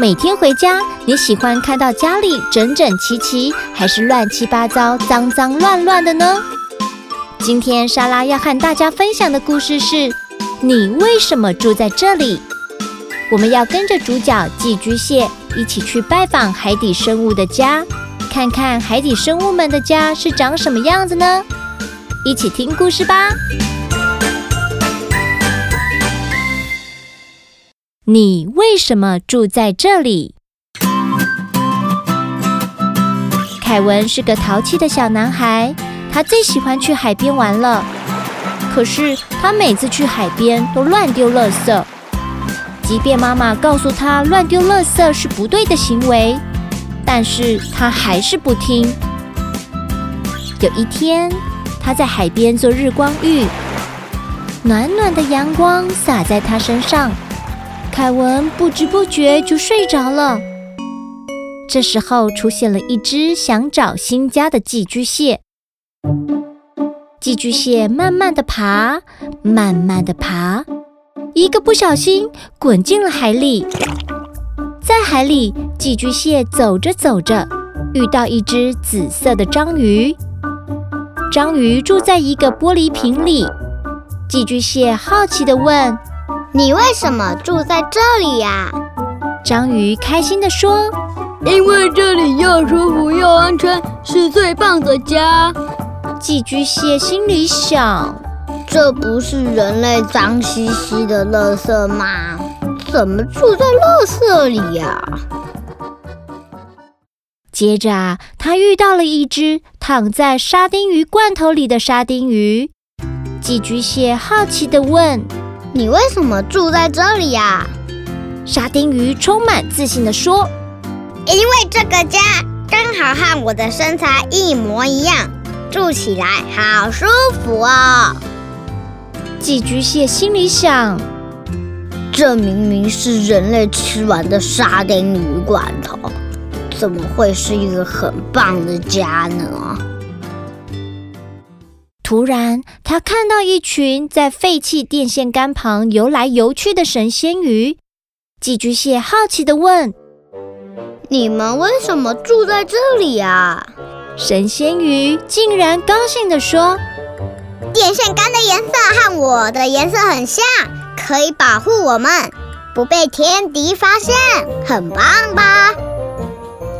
每天回家，你喜歡看到家裡整整齊齊，還是亂七八糟、髒髒亂亂的呢？今天莎拉要和大家分享的故事是：你為什麼住在這裡？我們要跟着主角寄居蟹一起去拜訪海底生物的家，看看海底生物們的家是長什麼樣子呢？一起聽故事吧。你為什麼住在這裡？凱文是個淘氣的小男孩，他最喜歡去海邊玩了。可是他每次去海邊都亂丟垃圾，即便媽媽告訴他亂丟垃圾是不對的行為，但是他還是不聽。有一天，他在海邊做日光浴，暖暖的陽光灑在他身上。凱文不知不覺就睡着了。這時候出現了一隻想找新家的寄居蟹。寄居蟹慢慢地爬，慢慢地爬，一個不小心滾進了海裡。在海裡，寄居蟹走着走着，遇到一隻紫色的章魚。章魚住在一個玻璃瓶裡。寄居蟹好奇地問。你為什麼住在這裡呀？章魚開心地說：“因為這裡又舒服又安全，是最棒的家。”寄居蟹心裡想：“這不是人類髒兮兮的垃圾嗎？怎麼住在垃圾裡呀？”接著啊，他遇到了一隻躺在沙丁魚罐頭裡的沙丁魚。寄居蟹好奇地問。你為什麼住在這裡呀、啊？沙丁魚充滿自信地說：“因為這個家剛好和我的身材一模一樣，住起來好舒服哦。”寄居蟹心裡想：“這明明是人類吃完的沙丁魚罐頭，怎麼會是一個很棒的家呢？”突然，他看到一群在廢棄電線桿旁游來游去的神仙魚。寄居蟹好奇地問：“你們為什麼住在這裡啊？”神仙魚竟然高興地說：“電線桿的顏色和我的顏色很像，可以保護我們不被天敵發現，很棒吧？”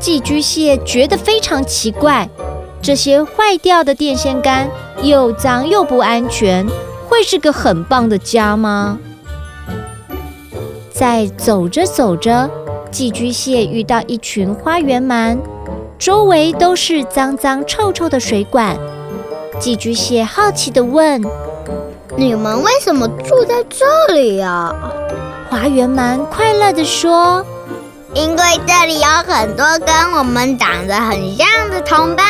寄居蟹覺得非常奇怪。這些壞掉的電線桿又髒又不安全，會是個很棒的家嗎？再走着走着，寄居蟹遇到一群花園鰻，周圍都是髒髒臭臭的水管。寄居蟹好奇的問：“你們為什麼住在這裡呀？”花園鰻快樂的說：“因為這裡有很多跟我們長得很像的同伴。”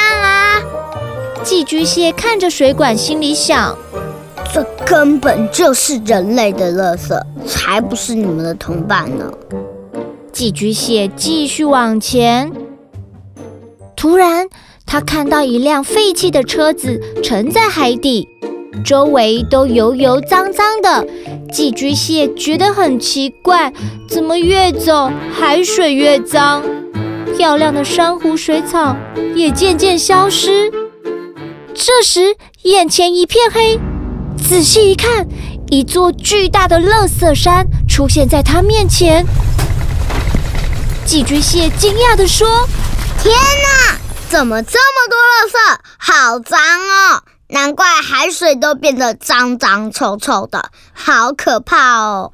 寄居蟹看着水管，心裡想：這根本就是人類的垃圾，才不是你們的同伴呢。寄居蟹繼續往前，突然，他看到一輛廢棄的車子沉在海底，周圍都油油髒髒的。寄居蟹覺得很奇怪，怎麼越走海水越髒？漂亮的珊瑚、水草也漸漸消失。這時，眼前一片黑。仔細一看，一座巨大的垃圾山出現在他面前。寄居蟹驚訝地說：“天哪，怎麼這麼多垃圾？好髒哦！難怪海水都變得髒髒臭臭的，好可怕哦！”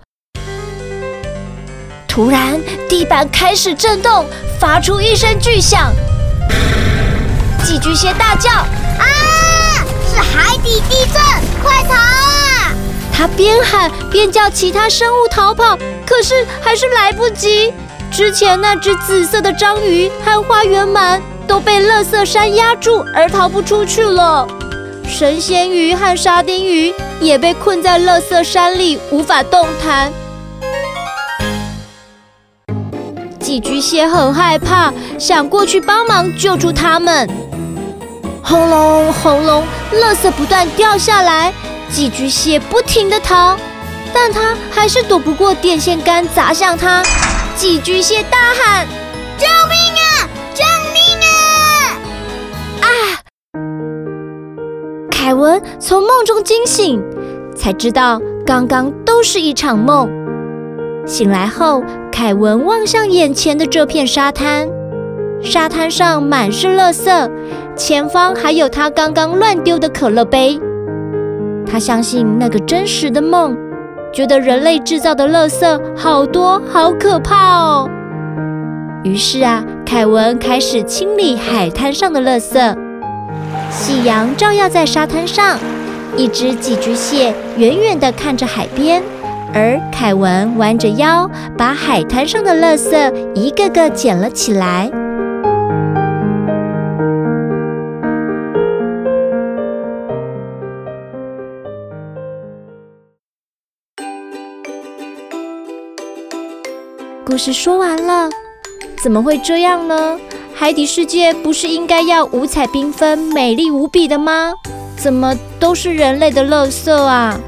突然，地板開始震動，發出一聲巨響。寄居蟹大叫。海底地震，快逃啊！他邊喊邊叫其他生物逃跑，可是還是來不及。之前那隻紫色的章魚和花園鰻都被垃圾山壓住，而逃不出去了。神仙魚和沙丁魚也被困在垃圾山裡，無法動彈。寄居蟹很害怕，想過去幫忙救助他們。轟隆轟隆，垃圾不斷掉下來，寄居蟹不停地逃，但它還是躲不過電線桿砸向它。寄居蟹大喊：“救命啊！救命啊！”啊！凱文從夢中驚醒，才知道剛剛都是一場夢。醒來後，凱文望向眼前的這片沙灘，沙灘上滿是垃圾。前方還有他剛剛亂丟的可樂杯。他相信那個真實的夢，覺得人類制造的垃圾好多，好可怕哦。於是啊，凱文開始清理海灘上的垃圾。夕陽照耀在沙灘上，一隻寄居蟹遠遠地看着海邊，而凱文彎着腰，把海灘上的垃圾一個個撿了起來。故事說完了，怎麼會這樣呢？海底世界不是應該要五彩繽紛、美麗無比的嗎？怎麼都是人類的垃圾啊？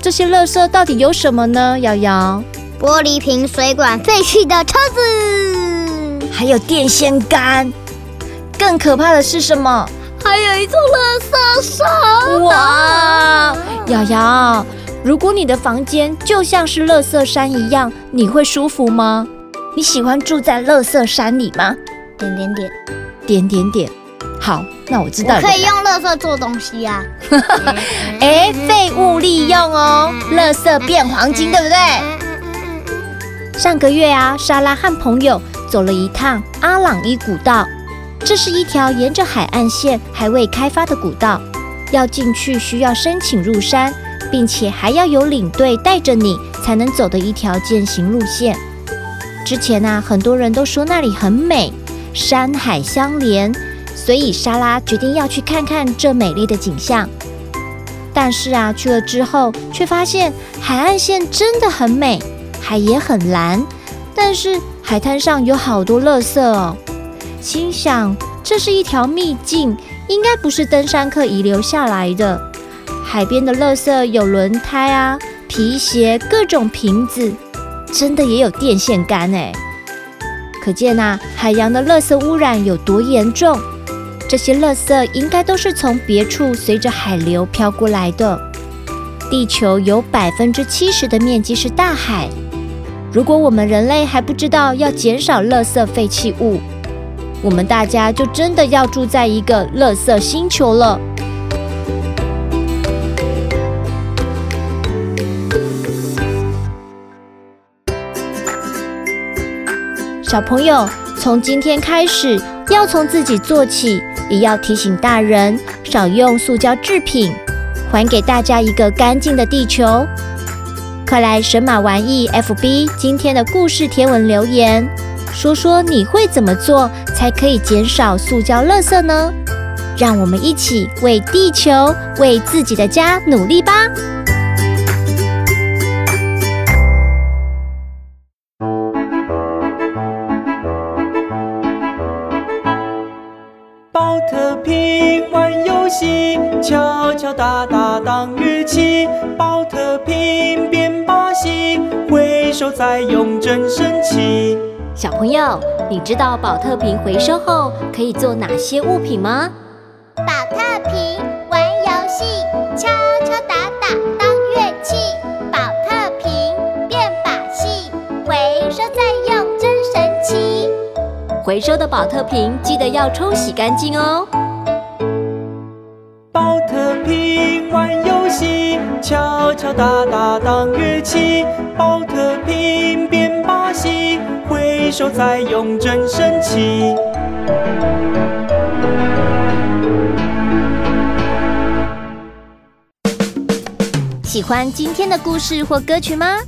這些垃圾到底有什麼呢？銚銚，玻璃瓶、水管、廢棄的車子，還有電線桿。更可怕的是什麼？還有一種垃圾——山哇！銚銚。如果你的房間就像是垃圾山一樣，你會舒服嗎？你喜歡住在垃圾山裡嗎？點點點，點點點。好，那我知道了。可以用垃圾做東西呀、啊。哈哈。 誒，廢物利用哦，垃圾變黃金，對不對？嗯嗯嗯嗯嗯、上個月啊，莎拉和朋友走了一趟阿朗壹古道，這是一條沿着海岸線還未開發的古道，要進去需要申請入山。並且還要有領隊帶着你才能走的一條健行路線。之前啊，很多人都說那裡很美，山海相連，所以莎拉決定要去看看這美麗的景象。但是啊，去了之後卻發現海岸線真的很美，海也很藍，但是海灘上有好多垃圾哦。心想，這是一條秘境，應該不是登山客遺留下來的。海邊的垃圾有輪胎啊、皮鞋、各種瓶子，真的也有電線桿誒，可見吶、啊，海洋的垃圾污染有多嚴重。這些垃圾應該都是從別處隨着海流飄過來的。地球有百分之七十的面積是大海，如果我們人類還不知道要減少垃圾廢棄物，我們大家就真的要住在一個垃圾星球了。小朋友，從今天開始要從自己做起，也要提醒大人少用塑膠製品，還給大家一個乾淨的地球。快來神馬玩意 FB 今天的故事貼文留言，說說你會怎麼做才可以減少塑膠垃圾呢？讓我們一起為地球、為自己的家努力吧！寶特瓶變把戲，回收再用真神奇。小朋友，你知道寶特瓶回收後可以做哪些物品嗎？寶特瓶玩遊戲，敲敲打打當樂器。寶特瓶變把戲，回收再用真神奇。回收的寶特瓶記得要沖洗乾淨哦。大大當樂器，寶特瓶變巴西，回收再用真神奇。喜歡今天的故事或歌曲嗎？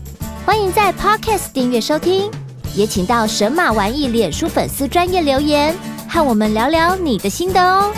歡迎在 Podcast 訂閱收聽，也請到神馬玩意臉書粉絲專頁留言，和我們聊聊你的心得哦。